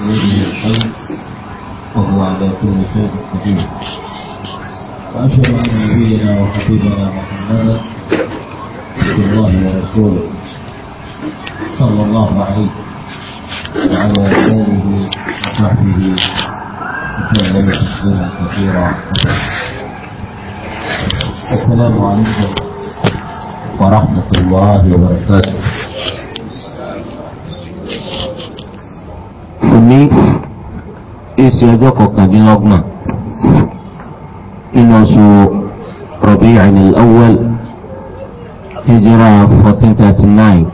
ويجري الحي وهو على كل شيء قدير واشهد ان نبينا وحبيبنا محمدا عبد الله ورسوله صلى الله عليه وعلى اله وصحبه وسلم تسليما كثيرا السلام عليكم ورحمه الله وبركاته òní èsì ọjọ́ kọkàndínlọ́gbọ̀n nínú oṣù rọ̀bì àìní awwal hijira fourteen thirty nine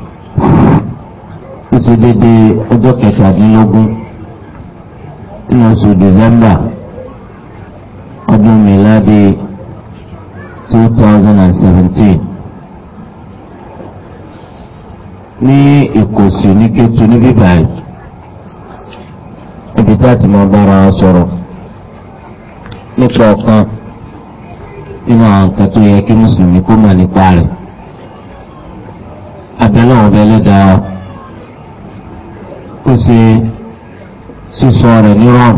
ó ti dédé ọjọ́ kẹtàdínlógún nínú oṣù dìsẹ́mbà ọdún mìládì two thousand and seventeen ní ìkòsí ní kẹtù ní bíbáyìí tá a ti máa bára wa sọ̀rọ̀ nípa ọ̀kan nínú àwọn nǹkan tó yẹ kí mùsùlùmí kó mọ̀ nípa rẹ̀ abẹ́lẹ́ ọ̀bẹ lẹ́dàá ó ṣe sísọ rẹ̀ nírọ̀rùn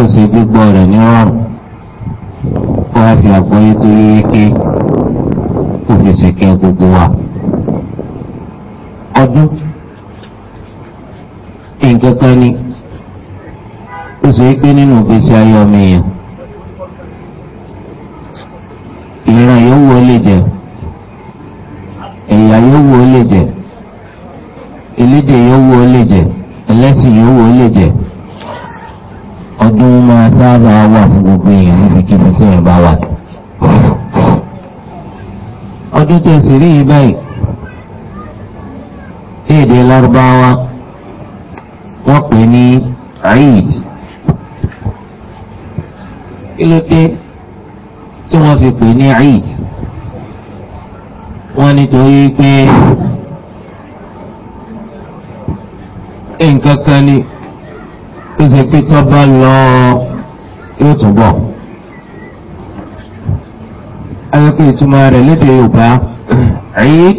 ó ṣe gbígbọ́ rẹ̀ nírọ̀rùn ó wá fi àgbọ́yé tó yẹ kí ó fi ṣèké gbogbo wa. ọdún nǹkan kan ni ó sọ pé nínú ìgbésí ayé ọmọ èèyàn ìran yòówù ó lè jẹ ẹ̀yà yòówù ó lè jẹ elédè yòówù ó lè jẹ ẹlẹ́sìn yòówù ó lè jẹ ọdún máa sábà wà fún gbogbo èèyàn níbikíbi tí èèyàn bá wà. ọdún tẹ̀sí rí yìí báyìí èdè lárúbáwá wọ́n pè ní Eid kí ló dé tí wọ́n fi pè ní Eid wọ́n nítorí pé nǹkan kan ni ó bá lọ yóò tún bọ̀ ayọ́pẹ́ ìtumọ̀ rẹ̀ lédè Yorùbá Eid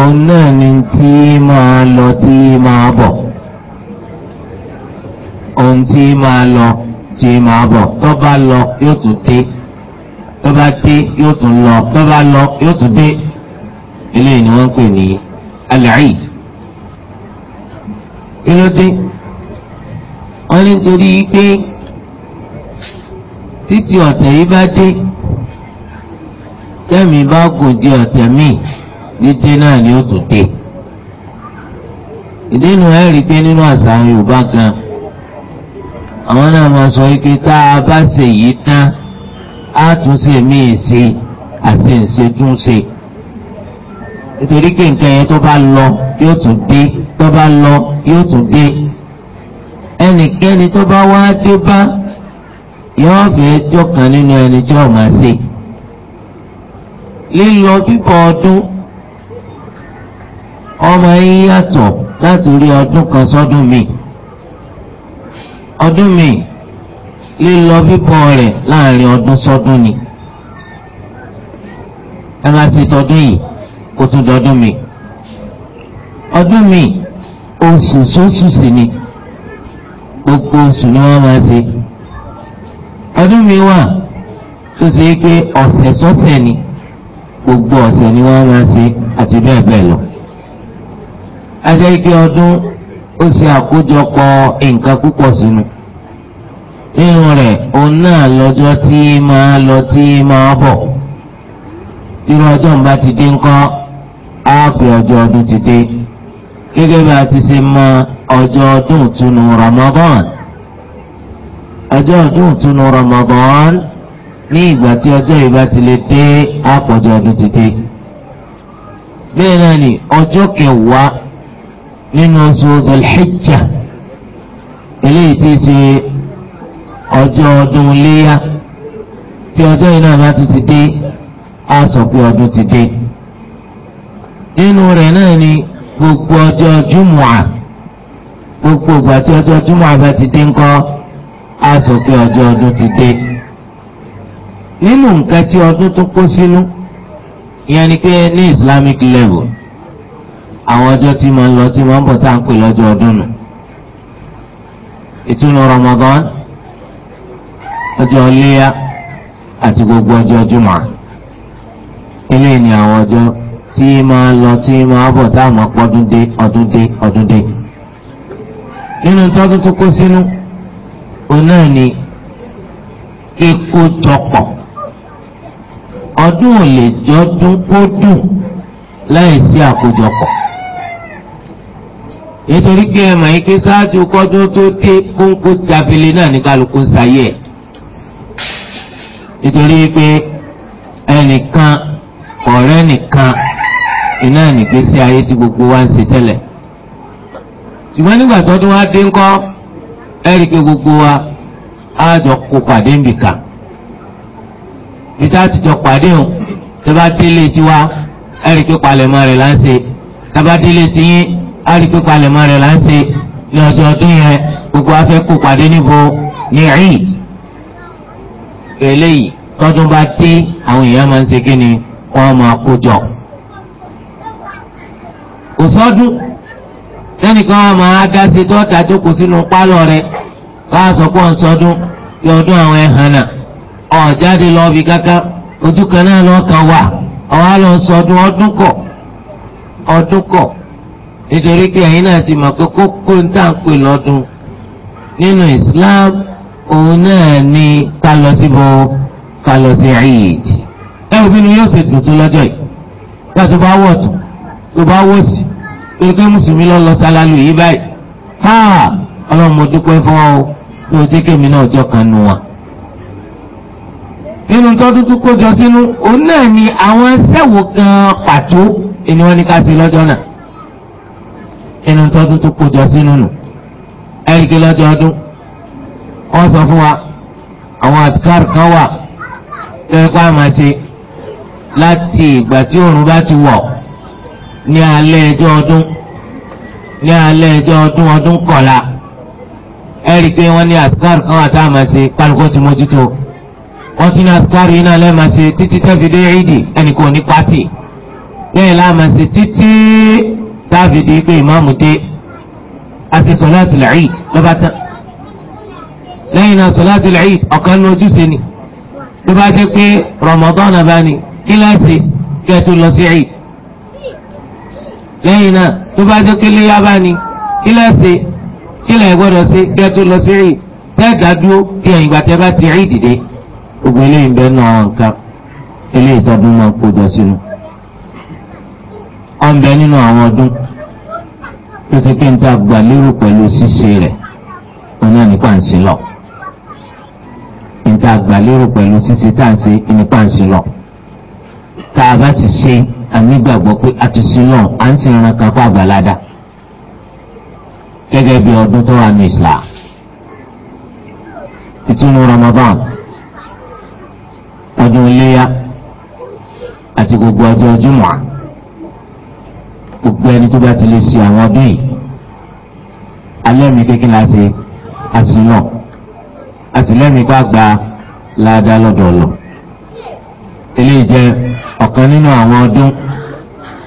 òun náà ni tí máa lọ tí máa bọ̀ ohun tí máa lọ tí máa bọ̀ tó bá lọ yóò tún dé tó bá dé yóò tún lọ tó bá lọ yóò tún dé eléyìí ni wọ́n ń pè ní alẹ́ ìlódé wọ́n ní torí pé títí ọ̀tẹ̀ yìí bá dé tẹ́mi bá gùn di ọ̀tẹ̀ míì dídé náà ni ó tún dé ìdí nu ẹ̀rí pé nínú àṣà Yorùbá gan-an àwọn náà máa sọ wípé tá a bá ṣe yìí tán á tún ṣe míì ṣe àti ìṣètúnṣe nítorí pé nǹkan yẹn tó bá lọ yóò tún dé tó bá lọ yóò tún dé ẹnikẹ́ni tó bá wá dé bá yóò fẹ́ jọ̀kan nínú ẹni tí ó máa ṣe lílọ bíbọ̀ ọdún ọmọ yín yàtọ̀ láti orí ọdún kan sọ́dún míì ọdún mi lílọ bíbọ̀ rẹ̀ láàrin ọdún sọ́dún ni ẹ máa ti tọdún yìí kó tún dọdún mi ọdún mi oṣù sóṣù sì ni gbogbo oṣù ni wọ́n máa ṣe ọdún mi wà tó ṣe pé ọ̀sẹ̀ sọ́sẹ̀ ni gbogbo ọ̀sẹ̀ ni wọ́n máa ṣe àti bẹ́ẹ̀ bẹ́ẹ̀ lọ. ajá ike ọdún ó ṣe àkójọpọ̀ nǹkan púpọ̀ sínú nínú rẹ̀ òun náà lọ́jọ́ tí máa lọ tí máa bọ̀ irú ọjọ́ ń bá ti dé ńkọ́ á pè ọjọ́ ọdún ti dé gẹ́gẹ́ bí a ti ṣe mọ ọjọ́ ọdún ìtúnu Ramadan ọjọ́ ọdún ìtúnu Ramadan ní ìgbà tí ọjọ́ ìbá ti lè dé á pọ̀jọ́ ọdún ti dé bẹ́ẹ̀ náà ni ọjọ́ kẹwàá nínú oṣù zulhijjah eléyìí ti ṣe ọjọ́ ọdún léyà tí ọjọ́ yìí náà bá tún ti dé á sọ pé ọdún ti dé nínú rẹ̀ náà ni gbogbo ọjọ́ júmùà gbogbo ìgbà tí ọjọ́ júmùà bá ti dé ńkọ́ á sọ pé ọjọ́ ọdún ti dé nínú nǹkan tí ọdún tó kó sínú ìyẹn ni pé ní islamic level àwọn ọjọ́ tí mo ń lọ tí mo ń bọ̀ tá à ń pè lọ́jọ́ ọdún nù ìtúnu Ramadan ọjọ́ iléyà àti gbogbo ọjọ́ jùmọ̀ eléyìí ni àwọn ọjọ́ tí máa lọ tí máa bọ̀ tá à mọ̀ pọ̀ ọdún dé ọdún dé ọdún dé nínú tọ́dún tó kó sínú òun náà ni kíkó jọpọ̀ ọdún ò lè jọdún kó dùn láì sí àkójọpọ̀ nítorí pé ẹ mọ̀ yín pé ṣáájú kọ́dún tó dé kóńkó jábele náà ní kálukú ń sayé ẹ̀ nítorí pé ẹnìkan ọ̀rẹ́ nìkan iná nìgbésí ayé tí gbogbo wa ń ṣe tẹ́lẹ̀ ṣùgbọ́n nígbà tọ́dún wa dé ńkọ́ ẹ rí i pé gbogbo wa á jọ kó pàdé nìkan níta ti jọ pàdé o tó bá délé tiwa ẹ pé palẹ̀mọ́ rẹ̀ là ń bá délé tiyín. á rí pé palẹ̀mọ́ rẹ̀ là ọdún yẹn gbogbo afẹ́ kó pàdé níbo ní bá dé àwọn èèyàn máa ń ṣe ni wọ́n máa kó jọ. kò sọ́dún sẹ́nìkan wọn máa dá sí tó jókòó sínú pálọ̀ rẹ̀ báà sọ pé ọ̀n sọdún yọ ọdún àwọn nítorí pé ẹ̀yin náà ti mọ̀ pé kókó ń tà ń pè lọ́dún nínú Islam òun náà ni ká lọ síbò ká lọ sí Eid ẹ òbí ni yóò ṣe dùn tó lọ́jọ́ yìí gbà tó bá wọ̀ tó tó bá wọ̀ sí torí pé mùsùlùmí lọ lọ sálálù yìí báyìí ha ọlọ́run mo dúpẹ́ fún ọ tó jẹ́ kémi náà jọ kan nù wọn. nínú tọ́dún tó kó jọ sínú òun náà ni àwọn sẹ́wò gan pàtó ni wọ́n ní ká sí lọ́jọ́ náà inú tọ́dún tó kó jọ sínú nù ẹ̀ríkì lọ́jọ́ ọdún wọ́n sọ fún wa àwọn àtikár kan wà tẹ́kọ̀ àmàṣe láti ìgbà tí òòrùn bá ti wọ̀ ní alẹ́ ẹjọ́ ọdún ní alẹ́ ẹjọ́ ọdún ọdún kọ̀la ẹ̀ríkì wọn ní àtikár kan wà tá àmàṣe kálukú ti mójútó wọ́n ti ní àtikár yìí náà lẹ́ẹ̀màṣe títí tẹ́fìdé ẹ̀ẹ́dì ẹnì kò ní pàtì bẹ́ẹ̀ láàmàṣe títí táàfin di pé ìmáàmù dé àti sọláàtì làáyì lọ́ba tán lẹ́yìn náà sọláàtì làáyì ọ̀kan ní ojúṣe ni tó bá jẹ́ pé Ramadan bá ní kíláàsì kí ẹ tó lọ sí ẹ̀yì lẹ́yìn náà tó bá jẹ́ pé léyà bá ní kíláàsì kílẹ̀ gbọ́dọ̀ sí kí lọ sí ẹ̀yì tẹ́ẹ̀dá dúró kí ẹ̀yìn gbà bá ti ẹ̀yì dìde gbogbo eléyìí bẹ́ẹ̀ náà nǹkan eléyìí tó ó ń bẹ nínú àwọn ọdún tó ṣe pé ń ta gbà lérò pẹ̀lú ṣíṣe rẹ̀ ó náà nípa ń sin lọ ń ta gbà pẹ̀lú ṣíṣe tá à ń ṣe nípa ń sin lọ tá a bá ti ṣe àmìgbàgbọ́ pé a ti sin lọ à ń sin ran kan fún àgbàládà gẹ́gẹ́ bí ọdún tó wà ní Islam ìtúnu Ramadan ọdún iléyà àti gbogbo ọjọ́ jùmọ̀ọ́ gbogbo ẹni tó bá ti lè ṣe àwọn ọdún yìí alẹ́ mi kékeré la ṣe àsìlọ́ àtìlẹ́yìn kó àgbà láàdá lọ́dọ̀ lọ. eléyìí jẹ́ ọ̀kan nínú àwọn ọdún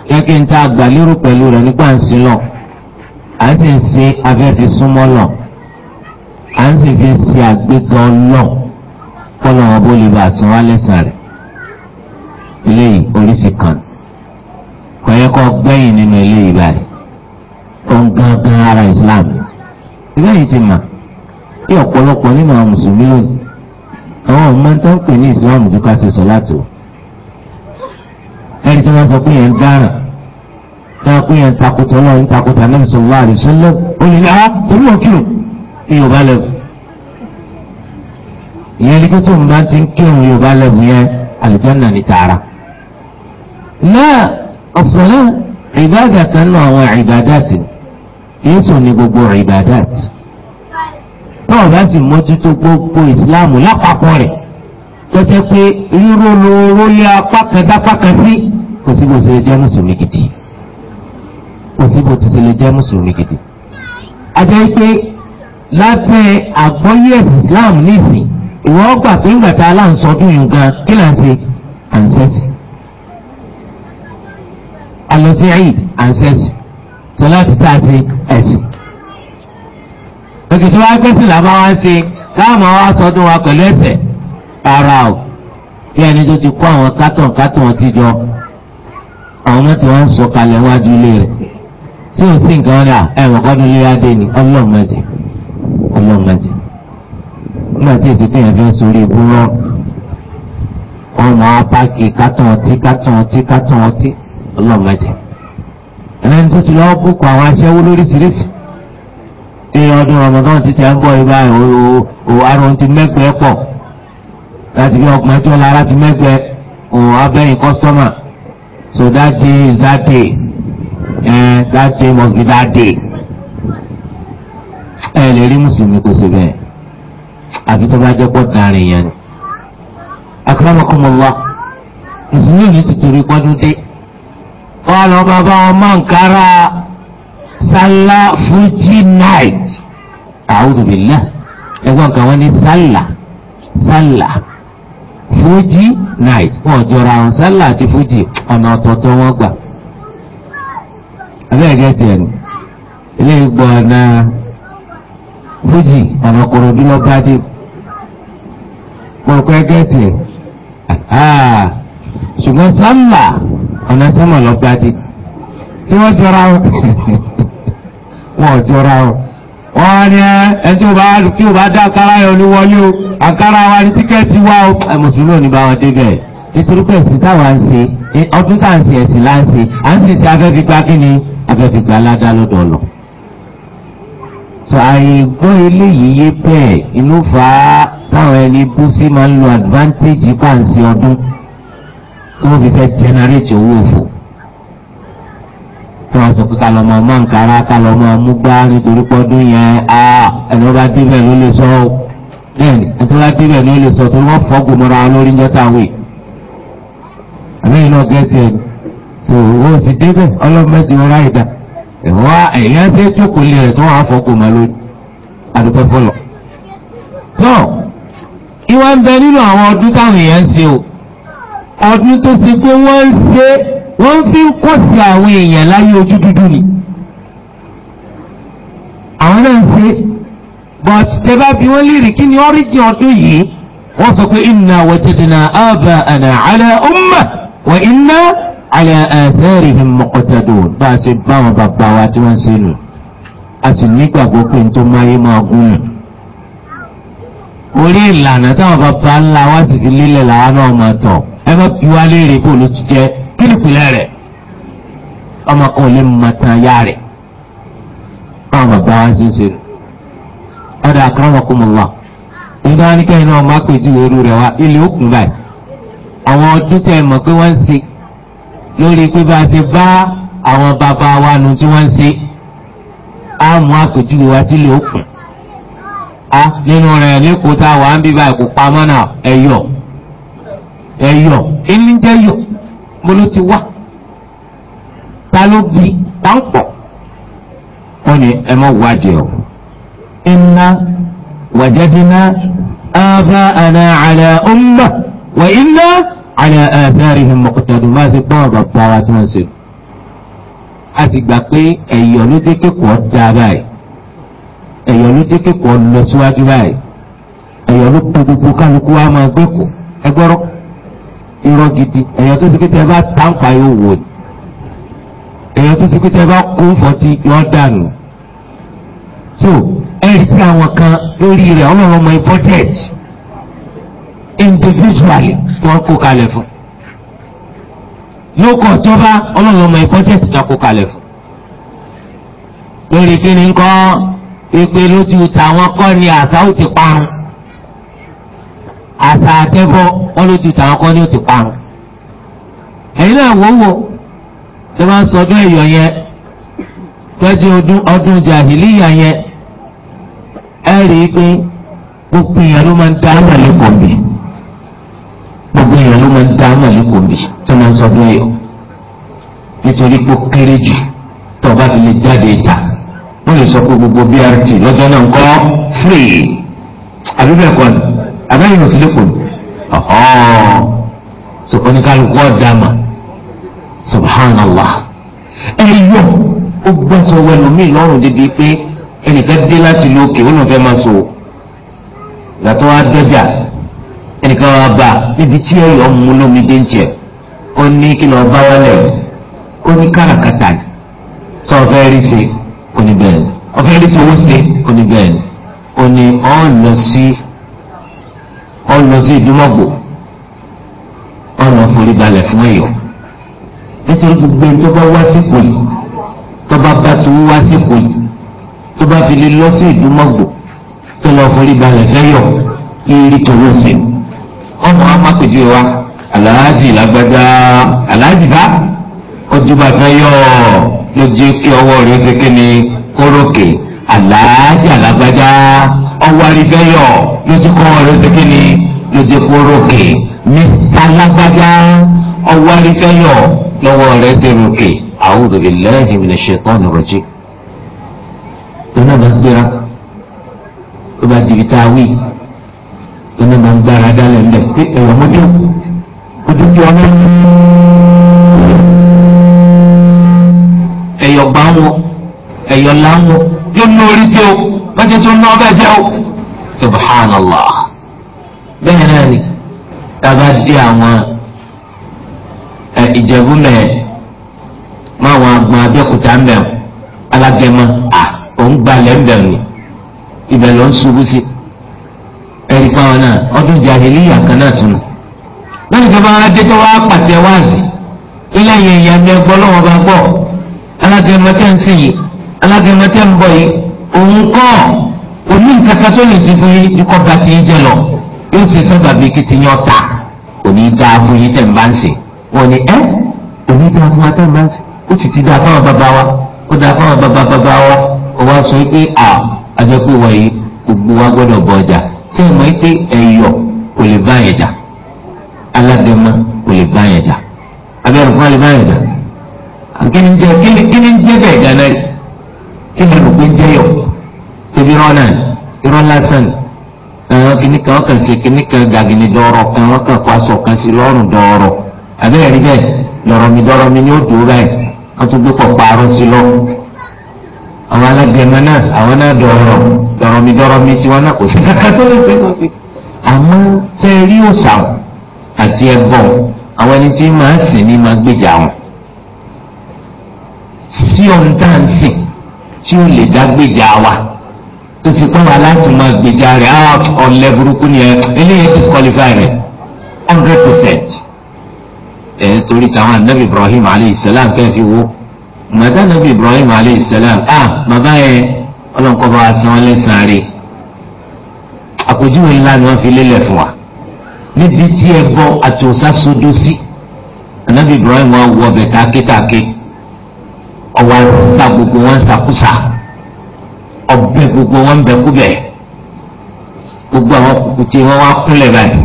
kẹ́kẹ́ ń tá àgbà lérò pẹ̀lú rẹ̀ nígbà ń sin lọ. à ń sì ń sin afẹ́fi súnmọ́ lọ. à ń sì fi ṣe àgbéga lọ kọ́lọ́ wọn bó lè bá àtúnwá lẹ́sàn rẹ̀. eléyìí oríṣi kan lẹ́yìn nínú ilé ìgbà rẹ̀ ọ̀gángán ara Islam ìgbà yìí ti mà bí ọ̀pọ̀lọpọ̀ nínú àwọn mùsùlùmí lónìí àwọn ọmọ tó ń pè ní Islam tó ká ti sọ láti o ẹni tí wọ́n sọ pé yẹn ń dáràn tí wọ́n pé yẹn ń takùtà ọlọ́run takùtà náà sọ̀rọ̀ àdìsọ́lọ́ olùlà orí òkìrò ní Yorùbá lẹ́bù ìyẹn ní kí tóun bá ti ń kírun Yorùbá lẹ́bù yẹn àlùjọ́ náà ní tààrà náà ọ̀pọ̀lọpọ̀ ìbádà kan nù àwọn ìbádà sí yéésù ní gbogbo ìbádà sí náà bá sì mójútó gbogbo ìsìláàmù lápapọ̀ rẹ̀ tó jẹ́ pé ríró lóró lé apá kan dápá kan sí kò sí bó ti lè jẹ́ mùsùlùmí gidi kò sí bó lè jẹ́ mùsùlùmí gidi. ajá pé lábẹ́ àgbọ́yé ìsìláàmù nìsín ìwọ́n gbà pé ńgbà tá yìí gan kí là ń ṣe à alọsí ẹ̀yìn ànsẹsì sọláàtì sáàsì ẹsìn. òkìtì wa kẹsì làbá wa ń ṣe láàmú àwọn asọdún wa pẹ̀lú ẹsẹ̀ rárá o bí ẹni tó ti kó àwọn kátàn kátàn ti jọ àwọn mẹ́ta wọn ń sọ kalẹ̀ wájú ilé rẹ̀ tí o sì nǹkan rà ẹ̀wọ̀n kọ́ni ilé adé ni ọlọ́mọdé ọlọ́mọdé nígbà tí èsì tẹ̀yàn fi ń sori ìbúrọ̀ wọn máa pààkì kátàn ọtí kátàn ọtí kátàn ọtí ọlọ́mọdé ẹlẹ́ni tó ti lọ́wọ́ kókò àwọn aṣẹ́wó lóríṣiríṣi ní ọdún ọmọdún títí ẹ̀ ń bọ̀ ibà òwò àrùn ti mẹ́gbẹ̀ẹ́ pọ̀ láti bí ọgbọ̀n tí ó lára ti mẹ́gbẹ̀ẹ́ òwò abẹ́yìn kọ́sọ́mà so that day is that day eh, that day must be that day ẹ lè rí mùsùlùmí kò sí bẹ́ẹ̀ àfi tó bá jẹ́ pọ̀ dárin yẹn ni. akramakumullah mùsùlùmí yìí ti torí pọ́dún dé wọn lọ bá bá wọn mọ nkárá sálá fújì náìt a'udhu billah ẹ̀gbọ́n kan wọn ní sálà sálà fújì náìt wọn jọra wọn sálà àti fújì ọ̀nà ọ̀tọ̀ọ̀tọ̀ wọn gbà abẹ́rẹ́ gẹ́gẹ́ tiẹ̀ nù eléyìí gbọ́ ọ̀nà fújì ọ̀nà kòròdú lọ́ba dé kọ̀ọ̀kọ̀ gẹ́gẹ́ tiẹ̀ ṣùgbọ́n sálà ọ̀nà sẹ́mọ̀ lọ́gbàdì tí wọ́n jọra o wọ́n jọra o wọ́n ní ẹ tí o bá tí o bá dá àkàrà yọ ní wọlé o àkàrà wa ní tíkẹ́ẹ̀tì wa o ẹ mùsùlùmí ò ní bá wọn débẹ̀ nítorí pé ẹ̀sìn táwa ń ṣe ọdún tá à ń ṣe ẹ̀sìn là ń ṣe à ń ṣe ti afẹ́fígbá kí ni afẹ́fígbá aládá lọ́dọ̀ ọ̀lọ́ sọ àìgbọ́ eléyìí yé bẹ́ẹ̀ inú fa táwọn ẹni bú sí máa ń lo advantage bá ń ṣe ọdún tí wọ́n fi fẹ́ jẹnẹrétì owó òfò tí wọ́n sọ pé kálọ̀ máa mọ nkàrà kálọ̀ máa mú gbá nítorí pọ́dún yẹn á ẹni wọ́n bá débẹ̀ ló lè sọ ọ́ bẹ́ẹ̀ni ẹni tó bá débẹ̀ ló lè sọ tó wọ́n fọ́ gbòmọ́ra lórí njọ́ta wẹ̀ àbẹ́yìn náà gẹ́sì ẹ̀ tó owó ti débẹ̀ ọlọ́mọdé ọ̀rá ìdá ìwọ́ ẹ̀yà ṣe jókòó lé rẹ̀ tó wọ́n á fọ́ gbòmọ́ lórí adúpẹ́ fọlọ́. náà ń bẹ nínú àwọn ọdún táwọn èèyàn ń ṣe o ọdún tó ti pé wọ́n ń ṣe wọ́n fi ń kọ̀ sí àwọn èèyàn láyé ojú dúdú ni àwọn náà ń ṣe but tẹ bá fi wọ́n lérè kí ni ọ́rígìn ọdún yìí wọ́n sọ pé inna wajadna aba'ana ala umma wa inna ala atharihim muqtadun bá a ṣe bá wọn bàbá wa tí wọ́n ṣe nù a sì nígbàgbọ́ pé n tó máyé máa gún yìí orí ìlànà táwọn bàbá ńlá wa sì fi lélẹ̀ làwọn náà máa tọ̀. ẹ bá léèrè ti jẹ kí rẹ̀ ọmọ kan ò lè mọ tán yá rẹ̀ káwọn bàbá wa ṣe ń ṣe ọ̀dà akramakumullah nínú wa ní kẹ́hìn náà máa pèjú ìrú rẹ̀ wá ilé òkun báyìí àwọn ọdún mọ̀ pé wọ́n ń ṣe lórí pé bá a ṣe bá àwọn bàbá wa nu tí wọ́n ń ẹ̀yọ̀ ẹ̀lìjẹ̀yọ̀ mo ló ti wá ta ló bi ta ń pọ̀ wọ́n ní ẹ mọ̀ wádìí o inna wajadna aba'ana ala umma wa inna ala atharihim muqtadun máa ti gbọ́n bàbá wa tí wọ́n ṣe a ti gbà pé ẹ̀yọ̀ ló dé kékòó dá báyìí ẹ̀yọ̀ ló dé kékòó lọ síwájú báyìí ẹ̀yọ̀ ló kó gbogbo kálukú wa máa gbé kó irọ́ gidi èèyàn tó ti kí tẹ́ bá táǹpà yóò wò ni èèyàn tó ti kí tẹ́ bá kún fọ́tí yóò dànù. so ẹ sí àwọn kan lórí rẹ̀ ọlọ́run ọmọ important individually tí wọ́n kó kalẹ̀ fún lókọ̀ tó bá ọlọ́run ọmọ important tí wọ́n kó kalẹ̀ fún lórí kí ni nǹkan ìpè ló ti ta àwọn kọ́ ni àṣà ó ti parun àṣà àtẹ́bọ̀ wọn ló ti tàwọn kan ní òtí parun. ẹ̀yin náà wò wò ṣé wọ́n sọ ọdún ẹ̀yọ̀ yẹn tọ́jú ọdún jàhìlíyà yẹn ẹ rí i pé gbogbo èèyàn ló máa ń dá àmàlẹ́ kò mí gbogbo èèyàn ló máa ń dá àmàlẹ́ kò mí tó máa ń sọ ọdún ẹ̀yọ̀ nítorí pé ó kéré jù tó bá fi lè jáde ìta wọ́n lè sọ pé gbogbo BRT lọ́jọ́ náà ń kọ́ free àbí bẹ́ẹ̀ kọ́ abẹ́yìn òsì lẹ́kọ̀ọ́ ọ̀hún so oníkálukú ọ̀dàmà subhanallah ẹ̀yọ́ ó gbọ́sọ̀ wẹlòmíì lọ́rùn débi pé ẹnìkan dé láti lókè ó lọ́n fẹ́ máa so gbàtọ́ wa dọ́jà ẹnìkan wa bá níbi tí ẹ̀yọ́ mú lómi dé ń tiẹ̀ ó ní kí lọ́ọ́ bá wọlé ó ní káràkátà sọ fẹ́ rí ṣe oníbẹ̀ẹ́ni ọ̀fẹ́ rí ṣe owó ṣe oníbẹ̀ẹ́ni ó ní ọ́ lọ sí ń lọ sí ìdúmọ̀gbò wọn lọ forí balẹ̀ fún èèyàn nítorí gbogbo ẹni tó bá wá sípò yìí tó bá bá tó wá sípò yìí tó bá fi lè lọ sí ìdúmọ̀gbò tó lọ forí balẹ̀ fẹ́yọ̀ kiri tòwó sí ọmọ amákejì wa aláàjì lágbádá aláàjì bá ojú fẹ́yọ̀ lójú kí ọwọ́ rẹ̀ ṣe ni kórókè aláàjì lágbádá awarigbẹyọ lójúkọ rẹ sẹkẹ ni lójúkọ ròkè mr lágbájá awarigbẹyọ lọ́wọ́ rẹ ti ròkè a'udhu billahi minash shaitani rajim lọ́nà bá gbéra ó bá dìbì tá a wí lọ́nà bá gbára dálẹ̀ ńlẹ̀ pé ẹ̀rọ mọ́jú ojú kí ọ náà ẹ̀yọ̀ gbá wọn ẹ̀yọ̀ lá wọn yóò lórí tí o bá jẹ́ tó ná ọbẹ̀ jẹ́ o. subhanallah bẹ́ẹ̀ náà ni tába dé àwọn ìjẹ́búlẹ̀ máa wọn agbọn abẹ́kúta ń bẹ̀ alágẹ̀mọ́ à òun gbalẹ̀ ń bẹ̀ ni ibẹ̀ ló ń ṣubú sí ẹ̀rí pa wọn náà ọdún jàhílíyà kan náà tún lọ́nà ìjọba wa pàṣẹ wáàzì ilé ìyá mi ẹgbọ́ lọ́wọ́ bá gbọ́ alágẹ̀mọ́ ń sìn yìí alágẹ̀mọ́ ń kọ́ òní nǹkankan tó lè di fún yín ní kọ́ba tí jẹ lọ yóò ṣe sábà bíi kí ti yín òní dáa fún yín tẹ̀ ń bá ń ṣe wọn ni ẹ òní dáa fún wa tẹ̀ ń bá ń ṣe ó sì ti dáa fáwọn bàbá wa ó dáa fáwọn bàbá bàbá wa ó wá sọ pé à àjẹpọ̀ wọ̀nyí gbogbo wa gbọ́dọ̀ bọ̀ ọjà tí ẹ mọ̀ pé ẹ̀yọ̀ kò lè bá yẹn jà aládẹ́mọ kò lè bá yẹn jà abẹ́rù fún alẹ́ bá ebi irọ́ náà irọ́ lásán ẹ̀rọ kìnnìkan ọkàn kan ọkàn kó aṣọ kan sí lọ́rùn dọ̀ọ̀rọ̀ àbẹ́rẹ́ rí bẹ́ẹ̀ ni ó dùn báyìí wọ́n tún gbé pọ̀ parọ́ sí lọ. àwọn alágbẹ̀mọ náà àwọn náà dọ̀ọ̀rọ̀ lọ̀rọ̀ mi dọ̀rọ̀ mi tiwọn náà kò sí kankan tó lè fẹ́ kàn sí. àmọ́ tẹ́ rí òòṣà àti ẹbọ àwọn ẹni tí máa ń sìn ní máa gbèjà wọn. sí ohun tá à ń sìn tí ó lè dá gbèjà wa tó fi kọ́ wa láti máa gbèjà rẹ̀ on ah, level burúkú ni ẹ eléyìí disqualify rẹ̀ hundred percent ẹ̀ torí táwọn anabi Ibrahim alayhi salam kẹ́ fi wo màdá anabi Ibrahim alayhi salam ah bàbá yẹn ọlọ́nkọ́ wa san án lẹ́sàn-án rẹ̀ àpèjúwe ńlá ni wọ́n fi lélẹ̀ fún wa níbi tí ẹ bọ́ àti òsà sí anabi Ibrahim wa wọ ọbẹ̀ kákékàké ọwọ́ àti gbogbo wọn ṣàkóso ọbẹ̀ gbogbo wọn bẹ kú bẹ̀ gbogbo àwọn kùkùté wọn wá kúnlẹ̀ báyìí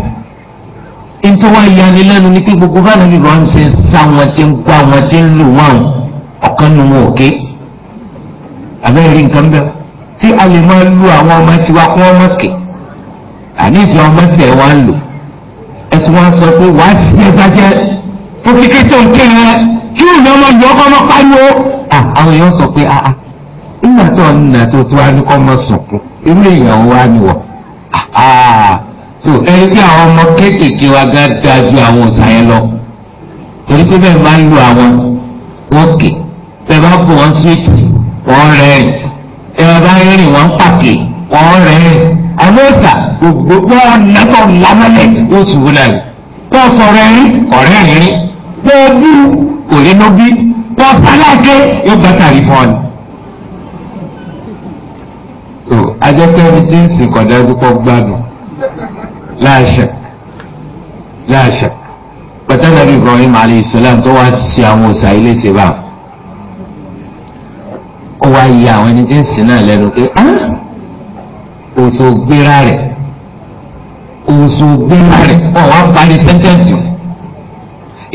nítorí wọn yanni lẹ́nu ní pé gbogbo báyìí níbi wọn ṣe ń sá wọn ti ń gbá wọn ti ń lù wọn ọ̀kan nu wọn òkè àbẹ́rẹ́ rí nǹkan bẹ́ẹ̀ tí a lè máa lu àwọn ọmọ tiwa kí wọ́n má kè àní ìfẹ́ ọmọ tẹ̀ wá ń lò ẹ̀sùn wọn sọ pé wàá ti ẹ bá jẹ fún kíkẹ́ tó ń kí ẹ kí ìlú ọmọ ìlú ọmọ pariwo nígbà tó ń nà tó tó wá ní kọ́ mọ́ sùnkún irú èèyàn wá ni wọ̀ tó ẹni tí àwọn ọmọ kéékèèké wa gá dáa ju àwọn ọ̀sà yẹn lọ torí pé bẹ́ẹ̀ máa ń lo àwọn òkè tẹ bá bọ̀ wọ́n síìtì wọ́n rẹ́rìn tẹ bá rẹ́rìn wọ́n pàkè wọ́n rẹ́rìn àmọ́sà gbogbo ọ̀nàtọ̀ lámọ́lẹ̀ oṣù wúlẹ̀ tó sọ̀rọ̀ ẹ̀rín ọ̀rẹ́ ẹ̀rín tó bú kò rí nóbí tó sálákẹ́ yóò bá tàrí tó ajẹ́pẹ́ni tí ń sìn kọ̀dá dúpọ̀ gbádùn láàṣẹ láàṣẹ pẹ̀tẹ́lẹ̀ bí Ibrahim alayhi salam tó wá sí àwọn òòsà ilé ṣe bá ó wá yí àwọn ẹni tí ń sìn náà lẹ́nu pé ah! òòsò gbéra rẹ̀ òòsò gbéra rẹ̀ wọ́n wá parí sẹ́ńtẹ́ǹsì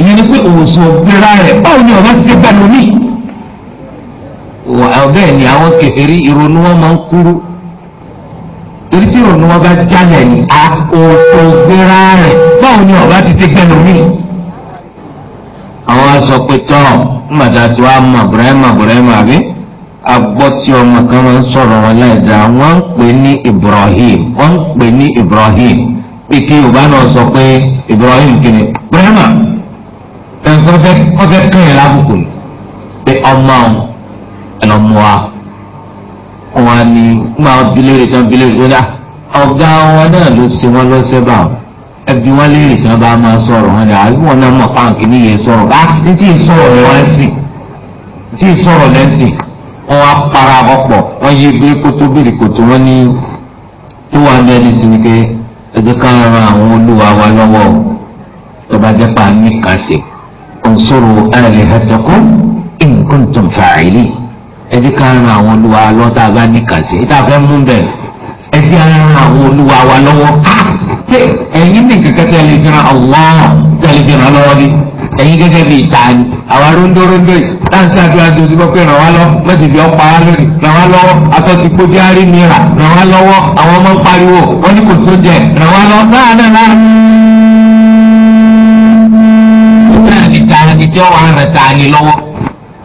ìyẹn ni pé òòsò gbéra rẹ̀ báwo ni ọ̀rọ̀ ti dé pẹ̀lú mi. bẹ́ẹ̀ ni àwọn kèfèrí ìrònú wọn máa ń kúrú torí tí ìrònú wọn bá jálẹ̀ ní àkóso gbéra rẹ̀ báwo ni ọba ti ti gbẹnu mí. àwọn aṣọ pé tán mọ̀tà tí wàá mọ̀ bùrẹ́mà bùrẹ́mà àbí agbọ́ tí ọmọ kan máa ń sọ̀rọ̀ wọn wọ́n ń pè ní Ibrahim wọ́n ń pè ní Ibrahim yorùbá náà sọ pé Ibrahim bùrẹ́mà tẹ̀sán fẹ́ kọ́ fẹ́ ẹlọmọ wa wọn ni nígbà wọn bi léèrè tán bi léèrè tó dá ọgá wọn náà ló ṣe wọn lọ́sẹ̀ bá wọn ẹbí wọn léèrè tán bá máa sọ̀rọ̀ wọn ni àwọn náà mọ̀ fáwọn kì í níye sọ̀rọ̀ bá títí sọ̀rọ̀ lẹ́sìn tí sọ̀rọ̀ lẹ́sìn wọn para ọ̀pọ̀ wọn yí gbé kótó bèrè kótó wọn ní tó wà ní ẹni sinike ẹjẹ ká ran àwọn olúwa wa lọ́wọ́ tó bá ní kàṣe òǹṣòro ẹ̀rẹ̀ ẹ̀ṣẹ̀kú in kuntum fa'ilin ẹdí ká ran àwọn olúwa lọ́tà bá níkàsí ìta fẹ́ mú bẹ̀ ẹdí ran àwọn olúwa wa lọ́wọ́ ṣé ẹ̀yin ní kẹ̀kẹ́ tẹ̀lé fi ran Allah tẹ̀lé fi ran lọ́wọ́ bí ẹ̀yin gẹ́gẹ́ bí ìta ni àwa rondo rondo yìí láti àdúrà tó ti bọ́ pé ràn wá lọ mẹ́tì bí ọ̀pá wa lónìí ràn wá lọ́wọ́ aṣọ ti kó járí mi rà ràn wá lọ́wọ́ àwọn ọmọ ń pariwo wọ́n ní kò tó jẹ ràn wá lọ náà náà náà. ìta ni tí wọ́n wà ń rẹ̀ ta ni lọ́wọ́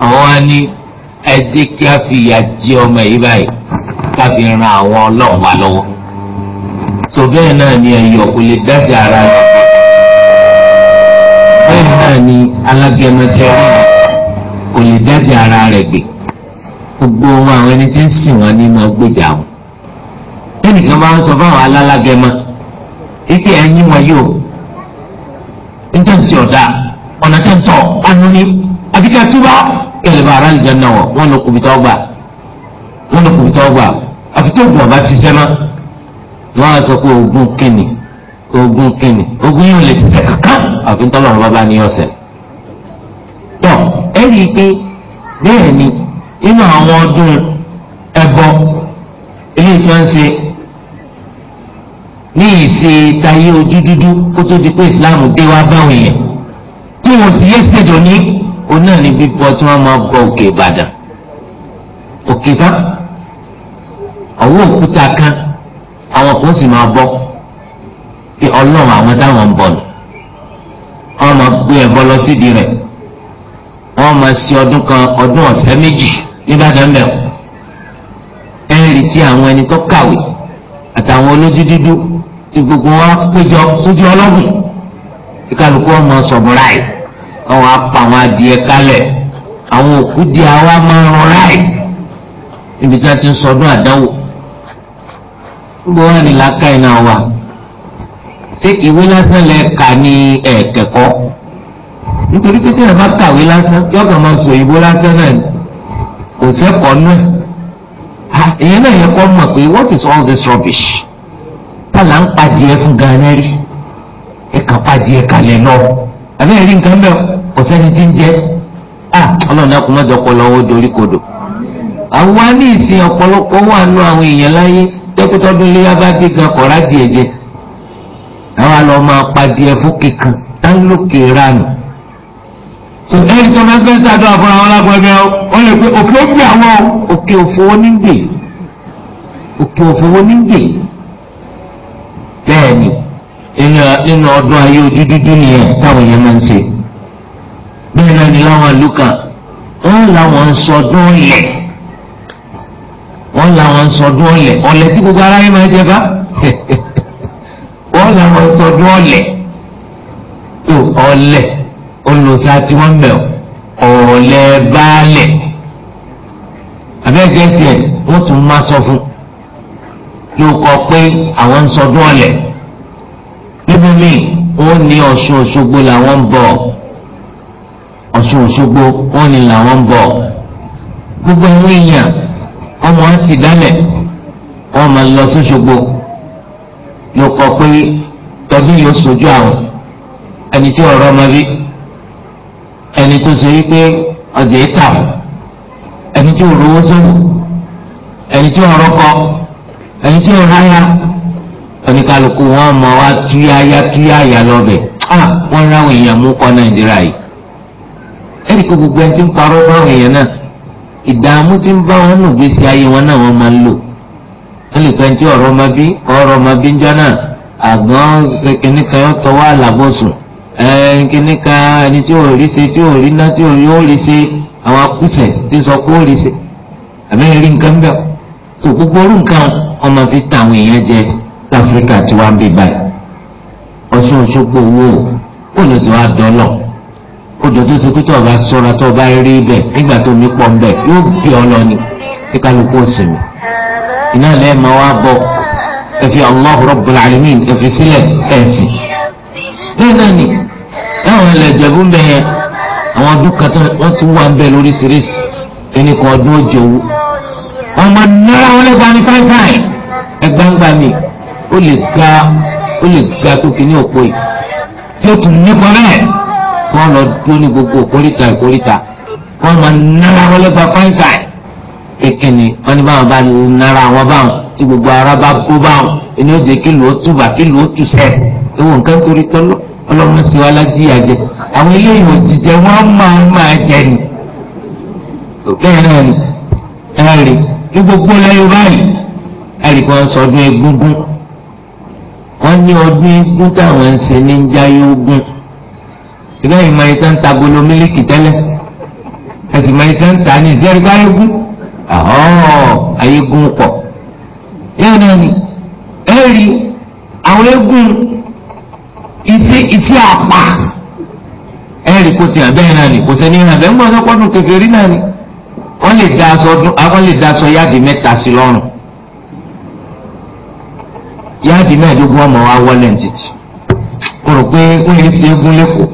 àwọn wa ní ẹ jẹ́ kí a fi ìyà jẹ ọmọ yìí báyìí ká fi ran àwọn ọlọ́run wa lọ́wọ́. tó bẹ́ẹ̀ náà ni ẹ̀yọ̀ kò lè dájà ara rẹ̀. bẹ́ẹ̀ náà ni alágẹmẹtẹ kò lè dájà ara rẹ̀ gbè. gbogbo wọn àwọn ẹni tí ń sìn wọn ní máa gbèjà wọn. ẹnìkan máa ń sọ fáwọn alálágẹmọ ike ẹ̀yin wọn yóò ń tẹ̀sí ọ̀dà ọ̀nà tẹ̀sán ọ̀nà àbíkẹ́ túbọ̀ kẹlẹba ara lè jẹun náà wọ wọn lọ kùbìtà ọgbà wọn lọ kùbìtà ọgbà àfi tó oògùn ọba ti sẹ́nà wọn á sọ pé oògùn kìnnì oògùn kìnnì oògùn yóò lè tẹ kankan àfi tọ́lọ̀ ọ̀rọ̀ bàbá ní ọ̀sẹ̀. tọ́ ẹ rí i pé bẹ́ẹ̀ ni inú àwọn ọdún ẹbọ eléyìí tó ń ṣe ní ìṣe tayé ojú dúdú kó tó di pé ìsìláàmù dé wá báwọn yẹn tí wọn ti yé ṣèjọ ní ó náà ní bíbọ tí wọ́n máa bọ òkè ìbàdàn òkè bá ọwọ́ òkúta kan àwọn kan sì máa bọ́ pé ọlọ́run àwọn táwọn ń bọ̀ nù wọ́n máa gbé ẹbọ lọ sídìí rẹ̀ wọ́n máa ṣe ọdún kan ọdún ọ̀sẹ̀ méjì nígbàdàn mẹ́wọ̀ ẹ̀rì tí àwọn ẹni tó kàwé àtàwọn olójú dúdú tí gbogbo wa péjọ lójú ọlọ́gùn kí kálukú wọn máa sọ̀bùráì àwọn apá àwọn adìẹ kalẹ̀ àwọn òkú di àwa máa rán ráì níbi tí a ti ń sọdún àdánwò níbo wà ní làákàyè náà wà ṣé ìwé lásán lẹ kà ní ẹ̀ẹ́kẹ̀kọ́ nítorí pé tí ẹ bá kàwé lásán yọ̀ọ̀kan máa sọ ìbò lásán náà kò sẹ́kọ̀ọ́ náà èyí náà yẹ kọ́ mọ̀ pé what is all this rubbish tá là ń padìẹ fún ganan rí ẹ̀ka padìẹ kalẹ̀ náà àbí ẹ̀rí nǹkan bẹ́ẹ̀ kò sẹ́ni tí ń jẹ́ à ọlọ́run náà kò má jọ ọpọlọ owó dorí kodò. àwa ní ìsìn ọ̀pọ̀lọpọ̀ wà nù àwọn èèyàn láyé tẹ́kútọ́dún léyà bá dé gan kọ̀ọ̀rá díẹ̀ jẹ. àwa lọ máa padìẹ fún kíkan tánlókè ránù. sọ̀tẹ́rì tó máa ń fẹ́ sàdó àfọ̀rọ̀ àwọn alágbọ̀nmẹ́ o ó lè pe òfò gbé àwọn òkè òfò onígbè òkè òfò onígbè bẹ́ẹ̀ ni nínú ọdún ayé ojú dúdú nìyẹn táwọn yẹn máa ń ṣe bẹ́ẹ̀ náà ni láwọn àlùkà wọ́n làwọn ń sọdún ọ̀lẹ̀ wọ́n làwọn ń sọdún ọ̀lẹ̀ ọ̀lẹ̀ tí gbogbo aráyé máa jẹ bá wọ́n làwọn ń sọdún ọ̀lẹ̀ tó ọ̀lẹ̀ olùsá tí wọ́n mẹ̀ ọ̀lẹ̀ baálẹ̀ abẹ́gẹ́sì ẹ̀ wọ́n tún máa sọ fún ló pé àwọn ń sọdún ọ̀lẹ̀ ibùmí ó ní ọ̀ṣun òṣogbo làwọn ń bọ̀ ọ̀ṣun òṣogbo ó ní làwọn ń bọ̀ gbogbo àwọn èèyàn ọmọ àti dálẹ̀ wọn máa lọ sóṣogbo ló kọ pé tọdún yóò sojú àwọn ẹni tí ọ̀rọ̀ ọmọ rí ẹni tó ṣe wípé ọjà ìta ẹni tí ò rówó sọ́wọ́ ẹni tí ọ̀rọ̀ kọ ẹni tí ọ̀rọ̀ ayá oníkálukú wọn mọ wá túyáyá túyáyá lọ́bẹ̀ ah wọ́n ráwọn èèyàn mú kọ́ nàìjíríà yìí ẹ̀rí kó gbogbo ẹni tí ń parọ́ báwọn èèyàn náà ìdààmú tí ń bá wọn nù gbèsè ayé wọn náà wọ́n máa ń lò wọ́n lè pẹ́ tí ọ̀rọ̀ ọmọ bí ọ̀rọ̀ ọmọ bí ń jọ náà àgbọn kìnní kan yóò tọ́ wá àlàbọ̀sùn kìnní kan ẹni tí ò rí ṣe tí ò rí ná tí ò rí ó rí ṣe àwọn akúṣẹ̀ tí sọ pé ó rí ṣe àbẹ́rẹ́ rí nǹkan bẹ́ẹ̀ tó gbogbo orú nǹkan ọmọ fi tàwọn èèyàn jẹ Africa tí wàá ń bí báyìí ọ̀ṣun òṣogbo owó ò lè ti wá dọ́lọ̀ odò tó ti pété ọba sọ́ra tó ọba rí bẹ̀ nígbà tó mi pọ̀ bẹ̀ yóò bí ọ ni tí kálukú òsèlú iná lẹ́ẹ̀ máa wá bọ̀ ẹ fi Allahu Rabbul Alamin ẹ fi sílẹ̀ ẹ̀ sì bẹ́ẹ̀ náà ni táwọn ẹlẹ́jẹ̀bú ń bẹ yẹn àwọn ọdún kan wọ́n ti wà ń bẹ lóríṣiríṣi ẹni kan ọdún ó jẹ owó ọmọ náírà wọlé gba ní fáìfáì ẹgbàá ń gbà mí ó lè ga ó lè ga sókè ní òpó yìí tí ó tún nípa bẹ́ẹ̀ kí wọ́n lọ dúró ní gbogbo ìkórìtà ìkórìtà kí wọ́n máa nára wọn lẹ́gbàá fáńtà kékeré wọn ní báwọn bá nára wọn báwọn tí gbogbo ara bá bó báwọn ẹni ó jẹ kí ló túbà kí ló túṣẹ ewu nǹkan torí tọ́lọ́ ọlọ́run ti wá lájíyà jẹ àwọn eléyìí ò ti jẹ wọ́n máa máa jẹ ni bẹ́ẹ̀ náà ni ẹ̀rì ní gbogbo lẹ́yìn báyìí ẹ̀rì kan sọ ọdún egúngún. wọ́n ní ọdún eégún táwọn ń ṣe ní jáyé ogun ìgbà yìí máa ṣe ń ta golo mílíkì tẹ́lẹ̀ ẹ̀sì máa ṣe ń ta ní pọ̀ yóò náà ni ẹ rí àwọn eégún ìtí àpá ẹ rí náà ni kò sẹ́ni àbẹ́ ń kékeré náà ni wọ́n lè da aṣọ yáàdì mẹ́ta sí yáàdì mẹ́ẹ̀ẹ́dógún ọmọ wa wọlé ǹjẹ́ o rò pé wọ́n yẹ fi eégún lẹ́kọ̀ọ́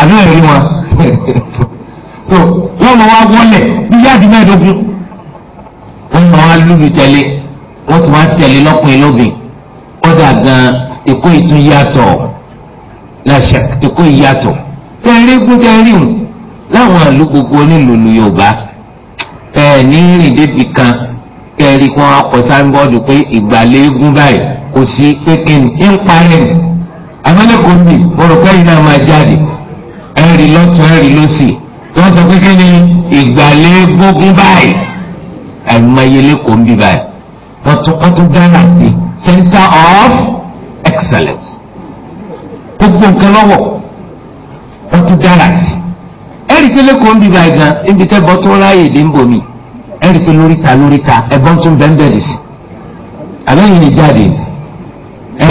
àbí ẹ̀rí wọn tó wọ́n mọ̀ wá wọlé bí yáàdì mẹ́ẹ̀ẹ́dógún wọ́n mọ̀ wá lùlù tẹ̀lé wọ́n ti wá tẹ̀lé lọ́kùnrin lóbìn kọ́dà gan èkó ìtún yàtọ̀ làṣà èkó ìyàtọ̀ tẹ̀rí gún tẹ̀rí hùn láwọn àlú gbogbo onílùlù Yorùbá ẹ̀ ní rìn débi kan kẹ́ẹ̀rí kí wọ́n á kọ sáńbọ́ọ̀dù pé ìgbàlẹ́gùn báyìí kò sí pékin ń parẹ́ ni amẹ́lẹ́kọ̀ọ́ mi mo rò pé yìí náà máa jáde ẹ̀rí lọ́tún ẹ̀rí lọ́sì wọ́n sọ pé kí ni ìgbàlẹ́gùn báyìí àìmọyelẹ́kọ̀ọ́ mi báyìí wọ́n tún wọ́n dáná sí center of excellence gbogbo nǹkan lọ́wọ́ wọ́n tún dáná sí ẹ̀rí tẹ́lẹ̀kọ̀ọ́ mi báyìí gan ibi tẹ́ bọ́ tó dé ń bò ẹ̀rí pé lóríta lóríta ẹ̀gbọ́n tún bẹ́ńbẹ́ dì sí àbẹ́yìn ni jáde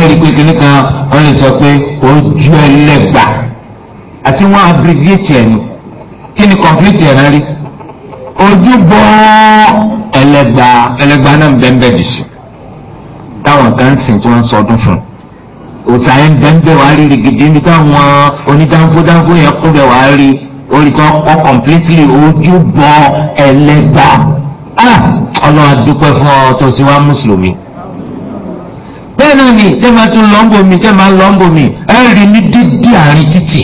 ẹ̀rí pé kìnnì kan wọ́n lè sọ pé ojú ẹlẹ́gbà àti wọ́n abrigate ẹ̀nu kí ni complete ẹ̀rọ rí ojú bọ́ ẹlẹ́gbà ẹlẹ́gbà náà bẹ́ńbẹ́ dì sí táwọn kan ń sìn tí wọ́n ń sọdún fún un òtà yẹn bẹ́ńbẹ́ wàá rí rigidi níbi táwọn onídàńfódàńfó yẹn kó bẹ́ẹ̀ wàá rí orí kan kọ́ completely ojú bọ ẹlẹ́gbà. Ah, ọlọ́run adúpẹ́ fún ọ tó ti wá mùsùlùmí. bẹ́ẹ̀ náà ni tẹ́ máa tún lọ́ńbò mi tẹ́ máa lọ́ńbò mi ẹ rí ní dídí àárín títì